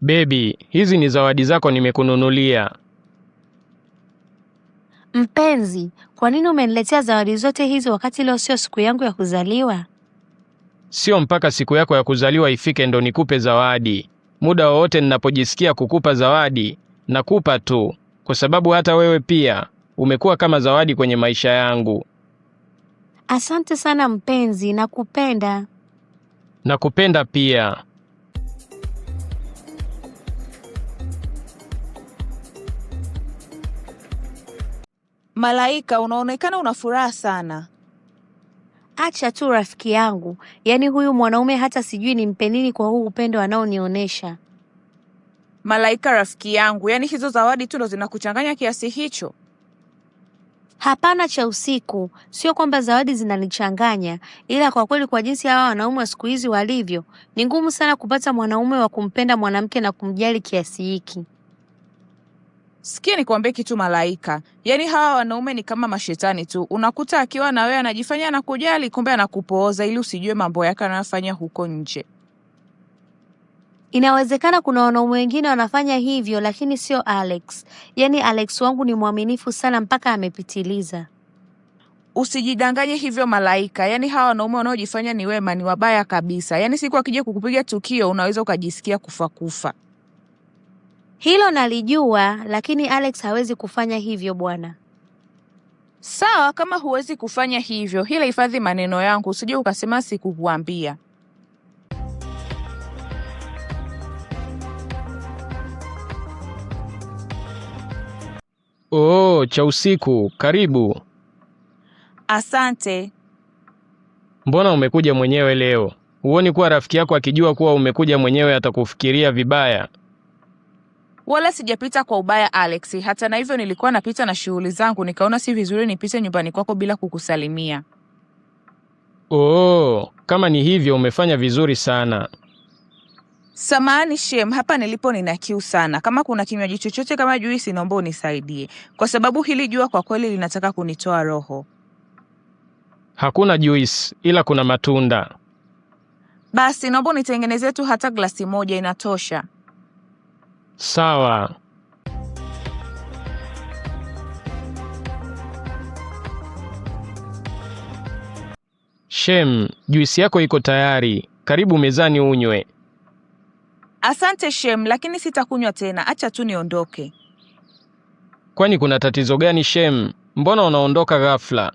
Bebi, hizi ni zawadi zako nimekununulia. Mpenzi, kwa nini umeniletea zawadi zote hizi wakati leo sio siku yangu ya kuzaliwa? Sio mpaka siku yako ya kuzaliwa ifike ndo nikupe zawadi. Muda wowote ninapojisikia kukupa zawadi nakupa tu, kwa sababu hata wewe pia umekuwa kama zawadi kwenye maisha yangu. Asante sana mpenzi, nakupenda. Nakupenda pia. Malaika, unaonekana una furaha sana. Acha tu rafiki yangu, yaani huyu mwanaume hata sijui nimpe nini kwa huu upendo anaonionyesha. Malaika rafiki yangu, yaani hizo zawadi tu ndo zinakuchanganya kiasi hicho? Hapana cha usiku, sio kwamba zawadi zinanichanganya, ila kwa kweli, kwa jinsi hawa wanaume wa siku hizi walivyo, ni ngumu sana kupata mwanaume wa kumpenda mwanamke na kumjali kiasi hiki. Sikia nikwambie kitu malaika, yaani hawa wanaume ni kama mashetani tu. Unakuta akiwa na wewe anajifanya kujali kumbe anakupooza ili usijue mambo yake anayofanya huko nje. Inawezekana kuna wanaume wengine wanafanya hivyo, lakini sio Alex. Yaani Alex wangu ni mwaminifu sana mpaka amepitiliza. Usijidanganye hivyo malaika, yaani hawa wanaume wanaojifanya ni wema ni wabaya kabisa. Yaani siku akija kukupiga tukio, unaweza ukajisikia kufa kufa. Hilo nalijua, lakini Alex hawezi kufanya hivyo bwana. Sawa, kama huwezi kufanya hivyo, hila hifadhi maneno yangu, usije ukasema sikukuambia. Oh, cha usiku, karibu. Asante. Mbona umekuja mwenyewe leo? Huoni kuwa rafiki yako akijua kuwa umekuja mwenyewe atakufikiria vibaya? Wala sijapita kwa ubaya Alex. Hata na hivyo, nilikuwa napita na shughuli zangu, nikaona si vizuri nipite nyumbani kwako bila kukusalimia. Oh, kama ni hivyo, umefanya vizuri sana. Samahani Shem, hapa nilipo nina kiu sana. Kama kuna kinywaji chochote kama juisi, naomba unisaidie, kwa sababu hili jua kwa kweli linataka kunitoa roho. Hakuna juisi, ila kuna matunda. Basi naomba unitengenezee tu hata glasi moja, inatosha sawa Shem, juisi yako iko tayari, karibu mezani unywe. Asante Shem, lakini sitakunywa tena, acha tu niondoke. Kwani kuna tatizo gani Shem? Mbona unaondoka ghafla?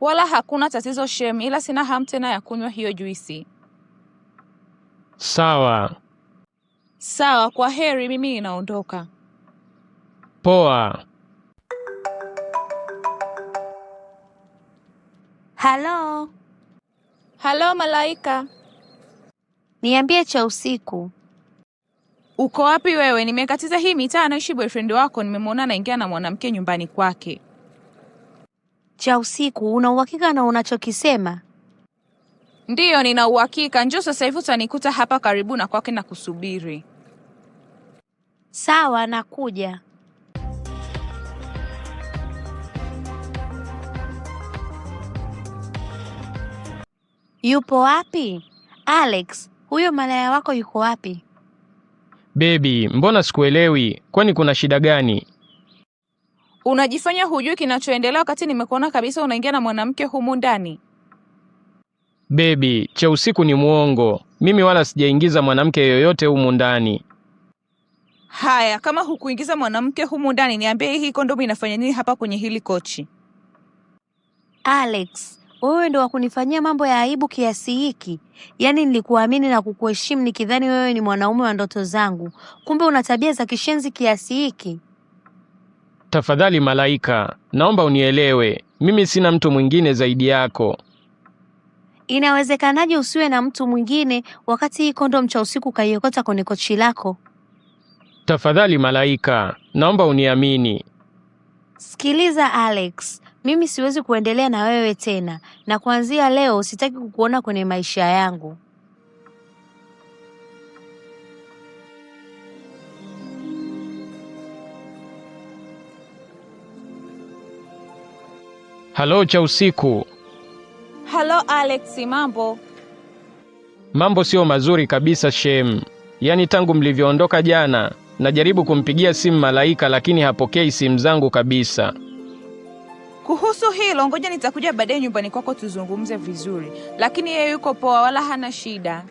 Wala hakuna tatizo Shem, ila sina hamu tena ya kunywa hiyo juisi. Sawa. Sawa, kwa heri, mimi naondoka. Poa. Halo, halo Malaika, niambie cha usiku. Uko wapi wewe? Nimekatiza hii mitaa ishi boyfriend wako, nimemwona anaingia na mwanamke nyumbani kwake. Cha usiku, una uhakika na unachokisema? Ndiyo, nina uhakika. Njoo sasa hivi utanikuta hapa karibu na kwake na kusubiri. Sawa, nakuja. Yupo wapi? Alex, huyo malaya wako yuko wapi? Bebi, mbona sikuelewi? Kwani kuna shida gani? Unajifanya hujui kinachoendelea wakati nimekuona kabisa unaingia na mwanamke humu ndani. Bebi, usiku ni mwongo. Mimi wala sijaingiza mwanamke yoyote humu ndani. Haya, kama hukuingiza mwanamke humu ndani, niambie hii kondomu inafanya nini hapa kwenye hili kochi? Alex, wewe ndo wakunifanyia mambo ya aibu kiasi hiki? Yaani nilikuamini na kukuheshimu nikidhani wewe ni mwanaume wa ndoto zangu, kumbe una tabia za kishenzi kiasi hiki. Tafadhali Malaika, naomba unielewe, mimi sina mtu mwingine zaidi yako. Inawezekanaje usiwe na mtu mwingine wakati hii kondomu cha usiku ukaiokota kwenye kochi lako? Tafadhali Malaika, naomba uniamini. Sikiliza Alex, mimi siwezi kuendelea na wewe tena, na kuanzia leo sitaki kukuona kwenye maisha yangu. Halo cha usiku, Halo Alex, mambo? Mambo sio mazuri kabisa shem. Yaani tangu mlivyoondoka jana, najaribu kumpigia simu Malaika lakini hapokei simu zangu kabisa. Kuhusu hilo ngoja nitakuja baadaye nyumbani kwako tuzungumze vizuri, lakini yeye yuko poa, wala hana shida.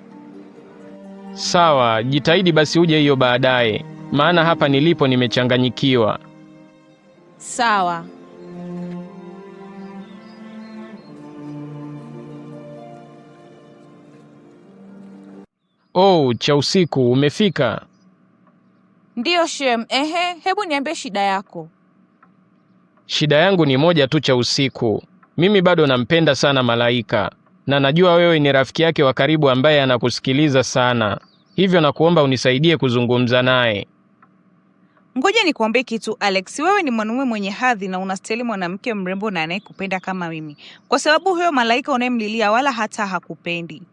Sawa, jitahidi basi uje hiyo baadaye, maana hapa nilipo nimechanganyikiwa. Sawa. Oh, cha usiku umefika. Ndiyo shem. Ehe, hebu niambie shida yako. Shida yangu ni moja tu, cha usiku. Mimi bado nampenda sana Malaika na najua wewe ni rafiki yake wa karibu ambaye anakusikiliza sana, hivyo nakuomba unisaidie kuzungumza naye. Ngoja nikuambie kitu Alex, wewe ni mwanaume mwenye hadhi na unastahili mwanamke mrembo na anayekupenda kama mimi, kwa sababu huyo Malaika unayemlilia wala hata hakupendi.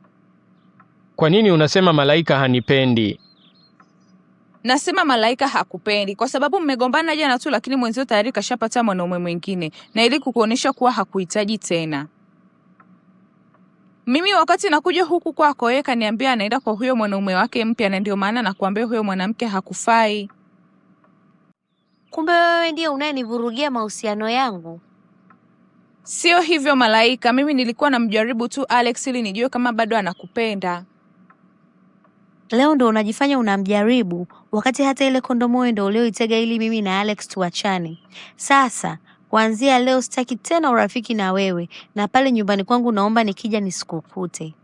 Kwa nini unasema malaika hanipendi? Nasema malaika hakupendi kwa sababu mmegombana jana tu, lakini mwenzio tayari kashapata mwanaume mwingine, na ili kukuonyesha kuwa hakuhitaji tena. Mimi wakati nakuja huku kwako, yeye kaniambia anaenda kwa huyo mwanaume wake mpya, na ndio maana nakuambia huyo mwanamke hakufai. Kumbe wewe ndiye unayenivurugia mahusiano yangu. Sio hivyo malaika, mimi nilikuwa namjaribu tu Alex ili nijue kama bado anakupenda. Leo ndo unajifanya unamjaribu, wakati hata ile kondomu ndo ulioitega ili mimi na Alex tuachane. Sasa kuanzia leo sitaki tena urafiki na wewe, na pale nyumbani kwangu naomba nikija nisikukute.